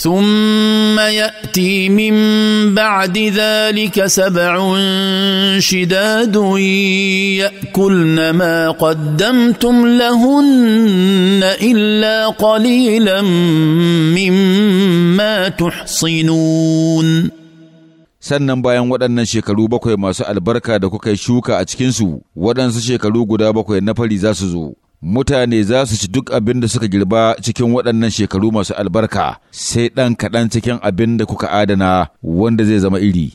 ثم ياتي من بعد ذلك سبع شداد ياكلن ما قدمتم لهن الا قليلا مما تحصنون sannan bayan waɗannan shekaru bakwai masu albarka da kuka yi shuka a cikinsu waɗansu shekaru guda bakwai na fari za su zo mutane za su ci duk abin da suka girba cikin waɗannan shekaru masu albarka sai ɗan kaɗan cikin abin da kuka adana wanda zai zama iri.